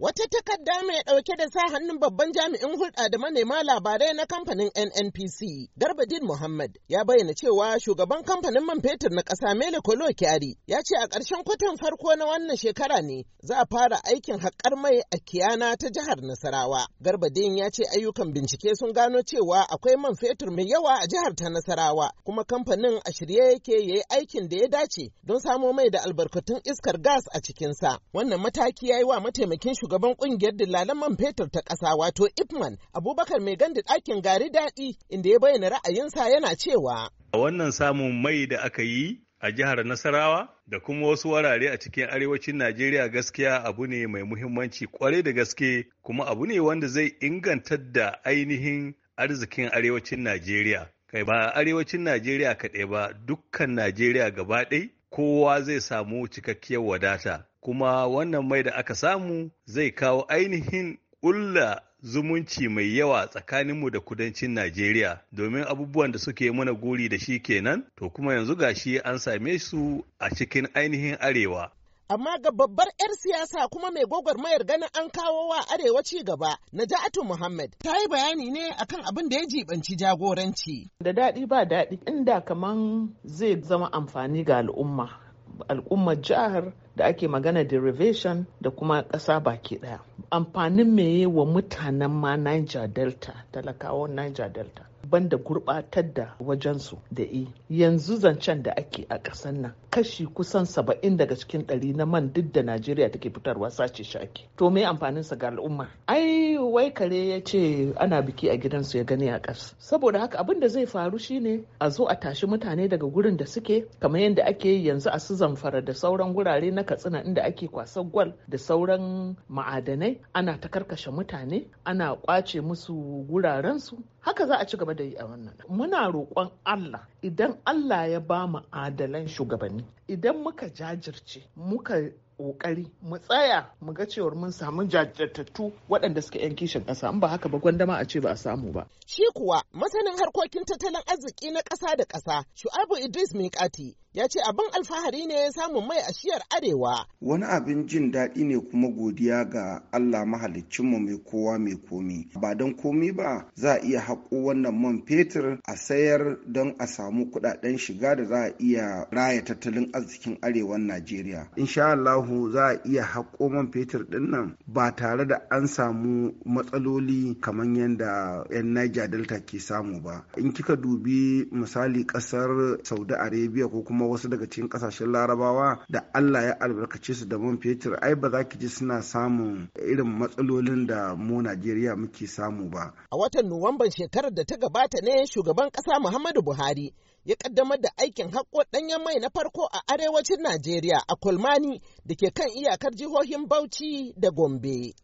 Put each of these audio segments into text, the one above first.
Wata takarda mai ɗauke da sa hannun babban jami'in hulɗa da manema labarai na kamfanin NNPC, Garbadin Muhammad, ya bayyana cewa shugaban kamfanin man fetur na ƙasa Mele Kolo Kyari ya ce a ƙarshen kwatan farko na wannan shekara ne za a fara aikin haƙar mai a Kiyana ta jihar Nasarawa. Garbadin ya ce ayyukan bincike sun gano cewa akwai man fetur mai yawa a jihar ta Nasarawa, kuma kamfanin a shirye yake ya yi aikin da ya dace don samo mai da albarkatun iskar gas a cikinsa. Wannan mataki ya yi wa mataimakin shugaban kungiyar dillalan man fetur ta ƙasa wato Ipman Abubakar mai gandu ɗakin gari daɗi inda ya bayyana ra'ayinsa yana cewa. A wannan samun mai da aka yi a jihar Nasarawa da kuma wasu wurare a cikin arewacin Najeriya gaskiya abu ne mai muhimmanci kwarai da gaske kuma abu ne wanda zai inganta da ainihin arzikin arewacin Najeriya. Kai ba arewacin Najeriya kaɗai ba dukkan Najeriya gaba ɗai kowa zai samu cikakkiyar wadata. kuma wannan mai da aka samu zai kawo ainihin ƙulla zumunci mai yawa tsakaninmu da kudancin Najeriya domin abubuwan da suke mana guri da shi kenan to kuma yanzu gashi an same su a cikin ainihin arewa. Amma ga babbar 'yar siyasa kuma mai gwagwarmayar ganin an kawo wa arewa ci gaba na Ja'atu Muhammad ta yi bayani ne akan abin da ya jibanci jagoranci. Da daɗi ba daɗi inda kaman zai zama amfani ga al'umma al'ummar jihar da ake magana derivation da kuma ƙasa baki ɗaya. Amfanin meye wa mutanen ma Niger Delta, talakawan Niger Delta. banda gurɓatar da wajensu da i yanzu zancen da ake a ƙasar nan kashi kusan saba'in daga cikin ɗari na man duk da najeriya take fitarwa sace shaki to me amfanin sa ga al'umma ai wai kare ya ce ana biki a gidansu ya gani a ƙas saboda haka abin da zai faru shine a zo a tashi mutane daga gurin da suke kamar yadda ake yi yanzu a su zamfara da sauran gurare na katsina inda ake kwasar gwal da sauran ma'adanai ana ta karkashe mutane ana kwace musu gurarensu haka za a ci gaba da yi a wannan muna roƙon allah idan allah ya ba mu adalan shugabanni idan muka jajirce muka kokari mu tsaya mu ga cewar mun samu jajirtattu waɗanda suka yan kishin ƙasa in ba haka ba gwandama a ce ba a samu ba. Shi kuwa masanin harkokin tattalin arziki na ƙasa da ƙasa Shu'abu Idris Mikati ya ce abin alfahari ne samun mai a shiyar arewa. Wani abin jin daɗi ne kuma godiya ga Allah mahaliccinmu mai kowa mai komi. Ba don komi ba za a iya haƙo wannan man fetur a sayar don a samu kuɗaɗen shiga da za a iya raya tattalin arzikin arewan Najeriya. Insha Allahu za a iya haƙo man fetur ɗin nan ba tare da an samu matsaloli kamar yadda 'yan Niger Delta ke samu ba. In kika dubi misali ƙasar Saudi Arabia ko kuma kuma wasu daga cikin kasashen larabawa da allah ya albarkace su da man fetur ai ba za ki ji suna samun irin matsalolin da mu najeriya muke samu ba a watan nuwamban shekarar da ta gabata ne shugaban ƙasa muhammadu buhari ya kaddamar da aikin haƙo ɗanyen mai na farko a arewacin najeriya a kulmani da ke kan iyakar jihohin bauchi da gombe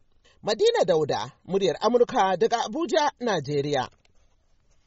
madina dauda muryar amurka daga abuja najeriya